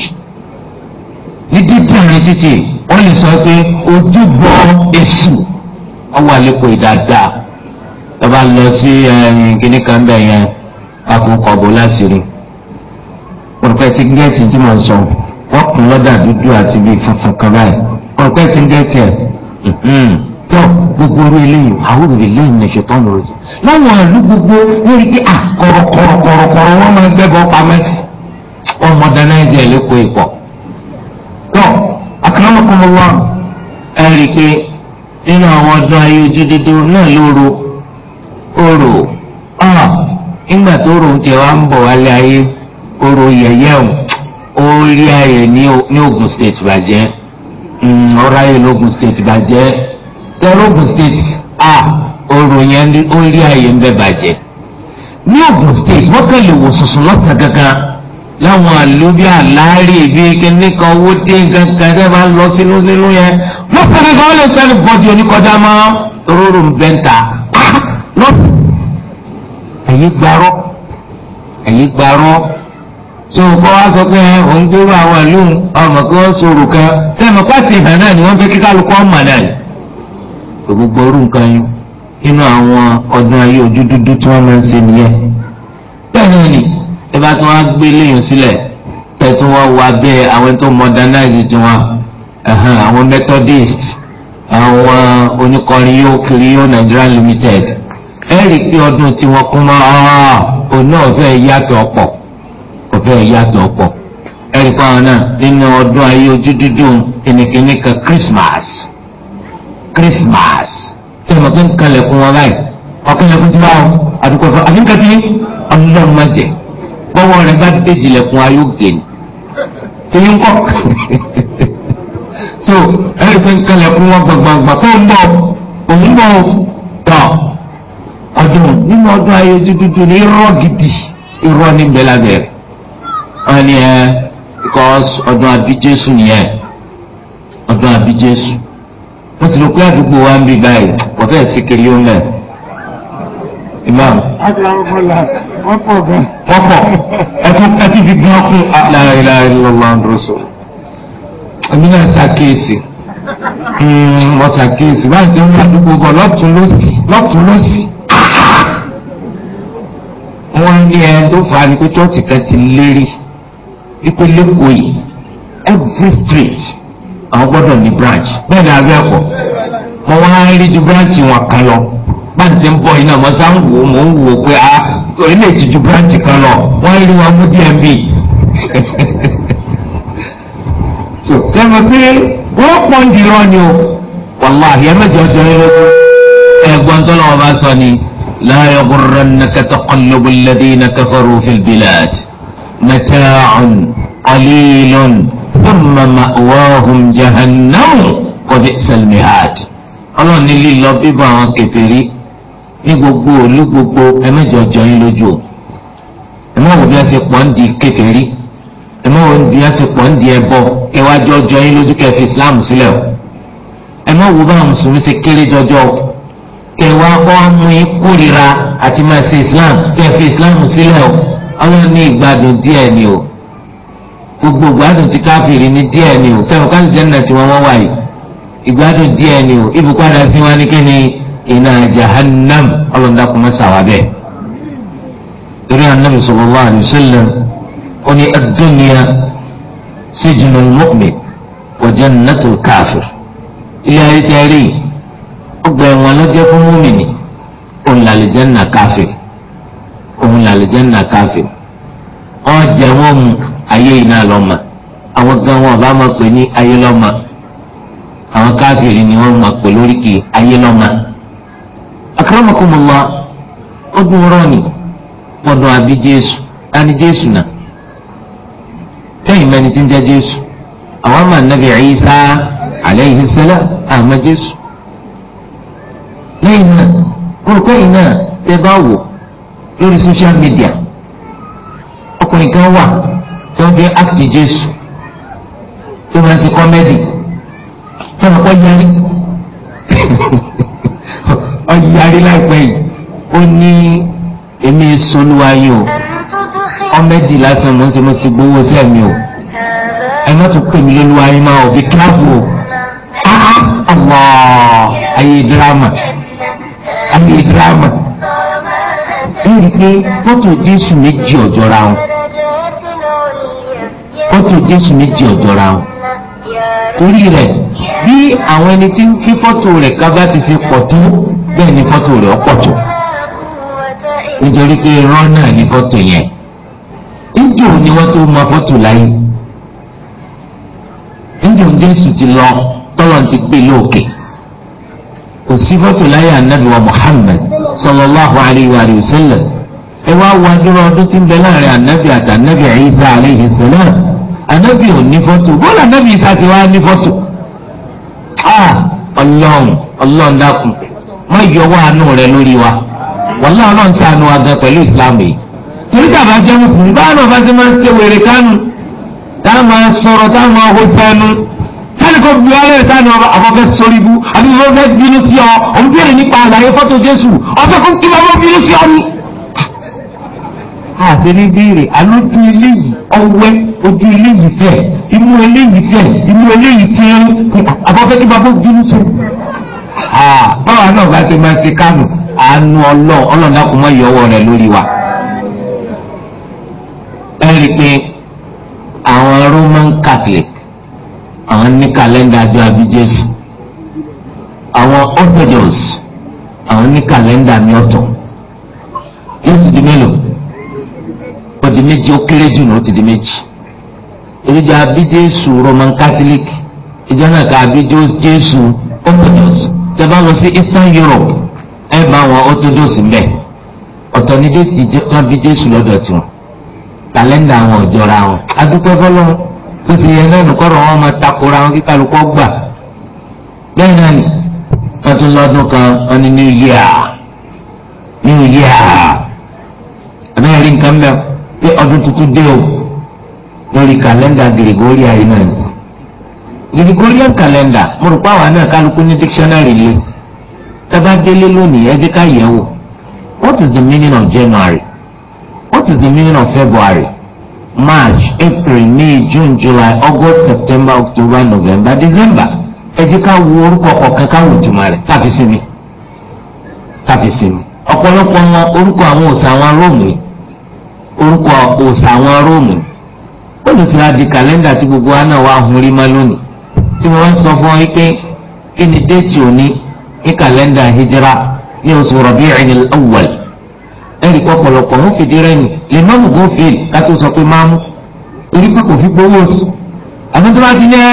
ní dídí àárín títì wọ́n lè sọ pé ojúbọ èṣù ọwọ́ àlékún ìdáadáa tọ́ba lọ sí kíní kan bẹ̀ yẹn akókò ọ̀bọ láti rí pọ̀lọ́pẹ́ ti gẹ́ẹ̀tì tí mo sọ wọ́n kún lọ́dà dúdú àti bíi funfun kan báyìí pọ̀lọ́pẹ́ ti gẹ́ẹ̀tì ẹ̀ mm-hmm tọ́ gbogbo orí eléyìí àwòrán eléyìí ní ṣètò ọ̀nà rẹ̀ láwọn àlú gbogbo lórí pé à kọ̀rọ̀kọ̀rọ̀kọ̀rọ̀ wọn máa gbẹ́bọ̀ pamẹ́ ọmọ dáná ẹ̀jẹ̀ lóko ìpọ̀ tọ́ àkàràmọ́kọ́mọ́wá ẹ̀ rí i pé nínú àwọn ọdún ayé ojú dúdú náà lóru orò ọ̀nà nígbà tó rò ń tẹ wá ń bọ̀ wálé ayé orò yẹ̀yẹ́ o ó rí ayé ní Ògùn state bàjẹ́ hmm, ọ̀ráyè lógùn state bàjẹ́ tẹ̀rọ state a ọ̀rọ̀ yẹn ó rí ààyè ń bẹ bàjẹ́ ní Ògùn state wọ́n kàn lè wò sùsùn lọ́sàn gangan láwọn àlóbí àlárí ìbí kíníkan owó dé gangan tẹ́ bá lọ sínú sínú yẹn lọ́sàn gangan ó lè sẹ́ni bọ́dì oníkọjá mọ́ róró ń bẹ́ńtà lọ́sàn ẹ̀yìn gbarọ́ ẹ̀yìn gbarọ́ tó o kọ́ wá sọ pé òun gbérò àwọn ìlú ọmọ kí wọ́n sọ̀rọ̀ kan sẹ́mi pàṣẹ ìhàn náà ni wọ́n fẹ́ kí kálukú ọmọ náà tó gbogbo orú nǹkan yìí nínú àwọn ọdún ayé ojú dúdú tí wọ́n máa ń ṣe nìyẹn. bẹ́ẹ̀ ni ẹ bá tún wá gbé léyìn sílẹ̀ tẹ̀tún wá wá bẹ́ẹ̀ àwọn tó modernize tiwọn àwọn methodist àwọn oníkọrin yóò kiri yóò Nigeria limited ẹ rí i pé ọdún tí wọ́n kún mọ́ òun náà fẹ́ yàtọ̀ ọ̀pọ̀ kò fẹ́ yàtọ̀ ọ̀pọ̀ ẹ rí i pé àwọn náà nínú ọdún ayé ojú dúdú kìnnìkìnnì kan Christmas. Christmas tí wọ́n fi ń kalẹ̀ fún wọn láì ọ̀kẹ́lẹ̀ fún ti báwọn àdúgbò fún àfi ń kẹ́tí ọlọ́mọdé bọ́wọ́ rẹ̀ bá déjì lẹ̀kùn ayé ògè ni tèmi ń kọ́ so ẹ̀rí fi ń kalẹ̀ fún wọn gbàgbàgbà tó ń bọ̀ òun bọ̀ tọ̀ ọdún nínú ọdún ayé dúdú ní irọ́ gidi irọ́ ní bẹ́lábẹ́rẹ́ wọn ni ẹ because ọdún àbí nìyẹn ọdún àbí mo sì lọ pé àdúgbò wa ń bí báyìí wọ́n fẹ́ẹ́ sí kiri ó mẹ́. imam. wọ́n pọ̀ gan. wọ́n pọ̀ ẹ ti fi gan kún aláìláì lọ́wọ́ àdúrósọ. èmi náà ṣàkíyèsí wọ́n hmm, ṣàkíyèsí báyìí ṣe ń wá àdúgbò gan lọ́tún lọ́sì lọ́tún lọ́sì. wọ́n ní ẹ tó fà á ní pé chọ́ọ̀tì kan ti lérí wípé lẹ́kọ̀ọ́ yìí every street àwọn gbọ́dọ̀ ní branch bẹ́ẹ̀ ni abẹ́ ẹ̀kọ́ mo wá rí ju branch wọn kan lọ báńtì ń bọ̀ iná mo sá ń wò mo ń wò pé a ah, orílẹ̀ èdè ju branch kan lọ wọ́n rí wọn mú dmb sẹ́mi pé wọ́n pọ́n di ni o wàláhi ẹ mẹ́jọ jẹ́ ẹ lọ́wọ́ tó lọ́wọ́ bá sọ ni láyọ̀ gbọ́dọ̀ nàkàtà kọ́lọ́bù lẹ́dí nàkàfọ́rọ́ fìlbílàd mẹ́tẹ́ àrùn ọ̀lẹ́lọ́nù thumma ma'wahum jahannam wa bi'sal mihad ọlọ́run ní lílọ bíbọ̀ àwọn kèfèrí ní gbogbo òlu gbogbo ẹ̀mẹ́jọ jọ yín lójú o ẹ̀mọ́ wo bí wọ́n ti pọ̀ ń di kèfèrí ẹ̀mọ́ wo bí wọ́n ti pọ̀ ń di ẹbọ kẹwàájọ jọ yín lójú kẹfì Islam sílẹ̀ o ẹ̀mọ́ wo bá àwọn mùsùlùmí ti kéré jọjọ o kẹwàá kọ́ mú ikúrira àti máa ṣe Islam kẹfì Islam sílẹ̀ o ọlọ́run ní ìgbádùn díẹ̀ ni o gbogbo ìgbádùn ti káfíìrì ní díẹ̀ ni o fẹ́ràn káàdì jẹ́nà tí wọ́n wọ́n wáyé ìgbádùn díẹ̀ ni o ibùkádà sí wọn ní kí ni iná jahannam ọlọ́dàkùn mẹ́sà wà bẹ́ẹ̀. torí anabi sallallahu alaihi wasallam ó ní ad-dunya sijnul mu'min wa jannatul kafir ilé ayé tẹ́ rí ọgbà ẹ̀wọ̀n lọ́jọ́ fún mọ́mìnì òun làlẹ́ jẹ́nà káfíìrì òun làlẹ́ jẹ́nà káfíìrì ọ̀ jẹ́ wọ́n ayé iná lọ́mà àwọn gan wọn bá máa pè ní ayé lọ́mà àwọn káfíìrì ni wọ́n máa pè lóríkì ayé lọ́mà. akramakumullah ọdún rọ́ọ̀nì ọdún àbí jésù tani jésù náà tẹ́yìn mẹ́ni tí ń jẹ́ jésù àwọn máa nàbì Ìsá alayhi salam àmọ́ jésù lẹ́yìn náà olùkọ́ yìí náà tẹ́ bá wò lórí social media ọkùnrin kan tó ń fi áàtì jésù tó máa ń fi kọ́mẹ́dì tó ń kọ́ yarí ọ̀yarí láìpẹ́ yìí ó ní èmi solúwayé o kọ́mẹ́dì lásán mo ti mo ti gbowó sẹ́mi o ẹ má tún pè mí lólúwayé máa ò bí kíláàbù o ọ̀wọ́ ah, ayé dírámà ayé dírámà ń rí i pé fọ́tò jésù méjì ọ̀jọ̀ra wọn fọ́tò jésù méjì ọ̀jọ̀ra wọn torí rẹ̀ bí àwọn ẹni tí ń kí fọ́tò rẹ̀ kábà ti fi pọ̀ tó bẹ́ẹ̀ ni fọ́tò rẹ̀ ọ̀pọ̀ tó nítorí pé irọ́ náà ni fọ́tò yẹn níjò ni wọ́n tó mọ fọ́tò láyé níjò jésù ti lọ tọ́lọ̀ ti gbé lóòkè kò sí fọ́tò láyé ànábì wa Muhammad sallallahu alayhi wa sallam ẹ wá wájú ọdún tí ń bẹ láàrin ànábì àti ànábì Ìsá alayhi salam anabi ò ní fọ́tò bọ́ọ̀lù anabi ìta ti wá ní fọ́tò ọlọ́run ọlọ́run dákun má yọ wá àánú rẹ lórí wa wàlá ọlọ́run tá a nu agan pẹ̀lú ìsìlámù yìí torí tàbá jẹ́ mùsùlùmí báwọn náà bá ti máa ń ṣe wèrè kánú tá a máa sọ̀rọ̀ tá a máa hó sẹ́nu sani kò bí ọlọ́run tá a nu àfọ́fẹ́ sórí bú àbí ìfọ́fẹ́ bínú sí ọ òun bèrè nípa àlàyé fọ́tò Jésù ọ̀fẹ́ kò tí wọ́n bínú sí ọ ni àti ní béèrè alójú eléyìí ọwẹ́ ojú eléyìí tẹ̀ imú eléyìí tẹ̀ imú eléyìí tẹ̀ abọ́fẹ́ kí bàbá bínú tó. báwa náà bá ti máa ṣe kánò àánú ọlọ́ọ̀ ọlọ́ọ̀ náà kò mọ ìyọwọ́ rẹ̀ lórí wa. ẹ rí i pé àwọn Roman Catholic àwọn ní kàlẹ́ndà àjọ àbí Jésù àwọn Orthodox àwọn ní kàlẹ́ndà mi yóò sì di mélòó ọdí méjì ó kéré jù ní ó ti di méjì èyí jẹ́ abí roman catholic ìjọ náà ká abí jésù orthodox tẹ́ bá lọ sí eastern europe ẹ bá wọn orthodox mbẹ ọ̀tọ̀ ní déètì wọn bí jésù lọ́dọ̀ tiwọn kàlẹ́ndà àwọn ọ̀jọ́ra wọn adúpẹ́ bọ́lọ́ ó ti yẹ náà nìkọ́rọ̀ wọn máa takora wọn kí kálukọ́ gbà bẹ́ẹ̀ náà ni wọ́n tún lọ́dún kan wọ́n ní new year new year àbẹ́rẹ́ nǹkan bẹ́ẹ̀ pé ọdún tuntun dé o lórí kàlẹ́ndà gregorian yìí náà gregorian calendar mo rò pé náà kálukú ní dictionary lé tábà délé lónìí ẹ jẹ́ ká yẹ̀ wò what is the meaning of January what is the meaning of February March April May June July August September October November December ẹ jẹ́ ká wo orúkọ ọ̀kan káwọn ìtumọ̀ rẹ̀ káfíìsì mi káfíìsì mi ọ̀pọ̀lọpọ̀ wọn orúkọ àwọn òòṣà wọn yìí orúkọ òòṣà àwọn róòmù ó lè ti ra di kàlẹ́ndà tí gbogbo wa náà wà hun rí mọ́ lónìí tí wọ́n ń sọ fún ọ pé kí ni déètì òní ní kàlẹ́ndà hijira ní oṣù Rabi'il Awwal ẹ̀rí kọ́ pọ̀lọpọ̀ ń fìdí rẹ́yìn lè má mú gófìl kátó sọ pé máa mú orí pé kò fi gbowó oṣù àti tó bá ti yẹ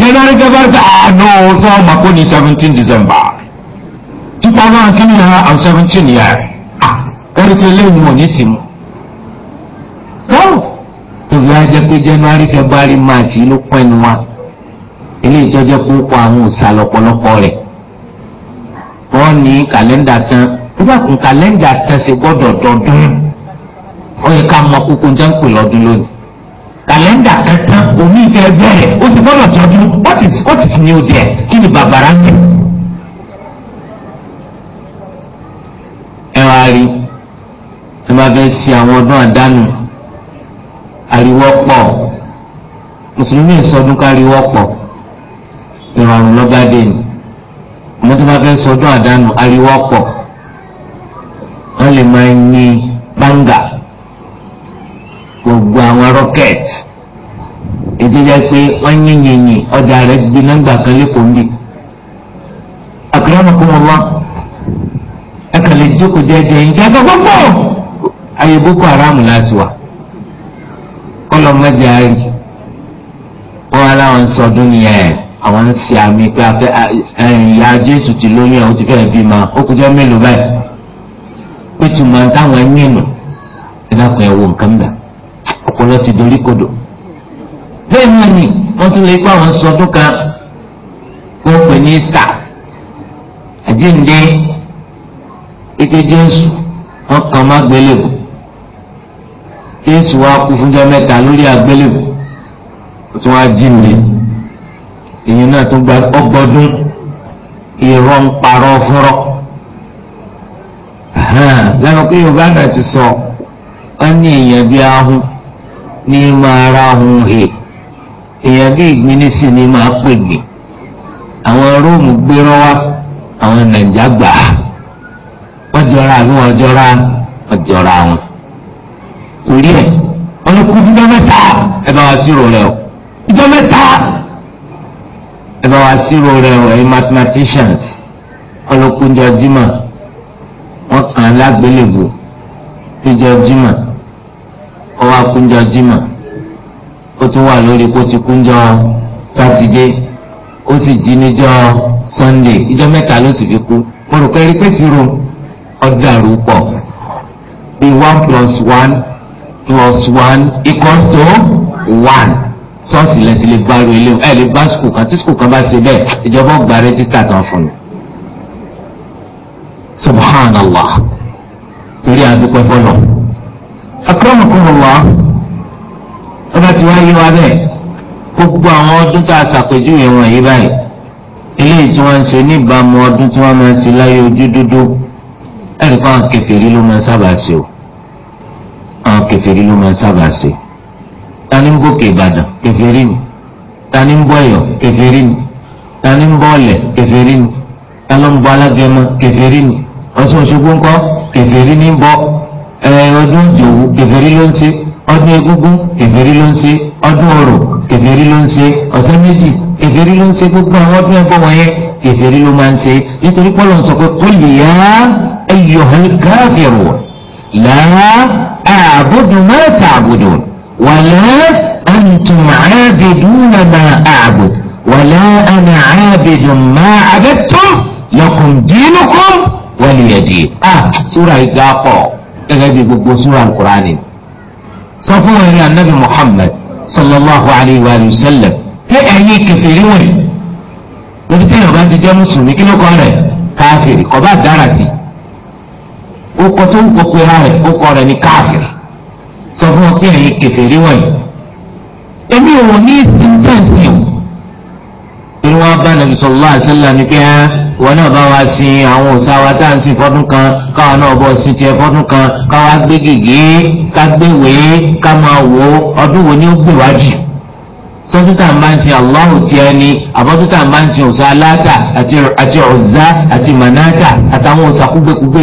January February àánú sọ ọmọ kó seventeen December two thousand and seventeen yẹn and seventeen yẹn ẹ̀rí pé lẹ́yìn ìwé ajẹ́ pé January February March ló pẹ́ nu wa ilé ìjọjẹ́ kó kọ àwọn òòṣà lọ́pọ̀lọpọ̀ rẹ̀ wọ́n ní kàlẹ́ndà tán nígbà kún kàlẹ́ndà tán ṣe gbọ́dọ̀ dọdún ó yẹ ká mọ kókó jẹ́ ń pè lọ́dún lónìí kàlẹ́ndà kan tán omi ìfẹ́ bẹ̀rẹ̀ ó ti gbọ́dọ̀ tọdún ó ti ó ti ní o díẹ̀ kí ni bàbàrà ń bẹ̀. ẹ wá rí ẹ máa fẹ́ ṣe àwọn ọdún àdánù ariwo pọ̀ mùsùlùmí sọdún káriwo pọ̀ ìrọ̀rùn lọ́ba dé ni mo ti máa fẹ́ sọdún àdánù ariwo pọ̀ wọ́n lè máa yin báńgà gbogbo àwọn rọ́kẹ̀tì èdè jẹ́ pé wọ́n yín yìnyín ọjà rẹ̀ gbé nọ́mbà kan lẹ́kọ̀ọ́ ń àkàràmọ̀ kò wọ́n wá ẹ̀ka lè jókòó jẹ́jẹ́ ìjà gbọ́gbọ́ ààyè Boko Haram láti wà ọlọ́mọdé àárí wọn aláwọn sọdún nìyẹn àwọn ń ṣe àmì pé afẹ ìyá jésù ti lóyún àwọn ti fẹ́ẹ́ bímọ ó kọjá mélòó báyìí pé tùmọ̀ táwọn ẹ̀yìn nù ẹ dákun ẹ̀ wò nǹkan bẹ̀ ọpọlọ ti dorí kodò bẹ́ẹ̀ náà ni wọ́n tún lè pa àwọn sọdún kan kó pè ní ìta àjíǹde ètò jésù wọn kàn má gbélébùú yéésù wa kú fúnjọ mẹ́ta lórí àgbélébù ó tún wá jí mi èyí náà tún gba ọgbọdún irọ́ ń parọ́ fúnrọ́ lẹ́nu pé yorùbá náà ti sọ wọ́n ní èèyàn bíi ahun ní máa ra ahun hè èèyàn bíi ìgbínísì ní máa pègbè àwọn róòmù gbérọ́ wá àwọn nàìjà gbà á jọra àbí wọ́n jọra wọ́n jọra wọn kò rí ẹ̀ wọ́n ní kú fíjọ́ mẹ́ta ẹ bá wa sírò rẹ̀ o fíjọ́ mẹ́ta ẹ bá wa sírò rẹ̀ o ẹ̀yin mathematicians wọ́n ló kú jọ jimá wọ́n kàn án lágbélébùú fíjọ́ jimá wọ́n wá kú jimá ó tún wà lórí kó ti kú sátidé ó sì jí níjọ́ sunday ìjọ́ mẹ́ta ló sì fi kú mo rò pé rí pé ti ro ọ̀dàrú pọ̀ one plus one plus one equals to one sọ́ọ̀sì lẹ́sìn lè bá ru ilé ẹ̀ lè bá skul kan tí skul kan bá ṣe bẹ́ẹ̀ ìjọba ọgbà rẹ́jísítà tán fún mi. subhanallah torí àdúpẹ́ fọlọ́. akramakumullah ọba tí wọ́n yí wa bẹ́ẹ̀ gbogbo àwọn ọdún tá a ṣàpèjúwe wọn yí báyìí eléyìí tí wọ́n ń ṣe níbàámu ọdún tí wọ́n máa ń ṣe láyé ojú dúdú ẹ̀rí fáwọn kèfèrí ló máa ń sábà ṣe o àwọn kẹfẹ́rí ló máa ń sábà ṣe tani ń bọ́ kẹbàdàn kẹfẹ́rí ni tani ń bọ́ ẹ̀yọ̀ kẹfẹ́rí ni tani ń bọ́ ọ̀lẹ̀ kẹfẹ́rí ni tani ń bọ́ alágẹmọ kẹfẹ́rí ni ọ̀ṣun òṣogbo ńkọ́ kẹfẹ́rí ní bọ́ ọdún ìjòwú kẹfẹ́rí ló ń ṣe ọdún egúngún kẹfẹ́rí ló ń ṣe ọdún orò kẹfẹ́rí ló ń ṣe ọ̀sẹ̀ méjì kẹfẹ́rí ló ń ṣe gbogbo àwọn ọdún ẹ̀bọ̀ wọ̀nyẹn kẹfẹ́rí ló máa ń ṣe nítorí pọ́lọ́ sọ pé lè yá ẹ̀yọ̀ hàn káfíìrù لا أعبد ما تعبدون ولا أنتم عابدون ما أعبد ولا أنا عابد ما عبدتم لكم دينكم ولي دين آه سورة إقاقة تغيبي بقو سورة القرآن صفوه إلى النبي محمد صلى الله عليه وآله وسلم تأيي كثيرون وبتأيي بعد جاء مسلم كنو قال كافر قبات دارتي ó kọ tó ń kọ pera rẹ̀ ó kọ rẹ̀ ní káàkiri sọ fún ọ kí ẹ̀yin kèfèrí wọ̀nyí. èmi ò ní síntẹ́ǹsì o inú wa bá nàbì sallallahu alaihi wasallam ní pé wọn náà bá wa sin àwọn òòṣà wa tá à ń sin fọdún kan káwa náà bọ sí tiẹ̀ fọdún kan káwa gbé gègé ká gbéwèé ká máa wò ọdún wo ni ó gbé wájú tọ́jú tá à ń bá ń sin Allahu ti ẹni àbọ̀tún tá à ń bá ń sin òòṣà aláta àti ọ̀zá àti mànáta àtàwọn òòṣà kúgbẹ́kúgbẹ́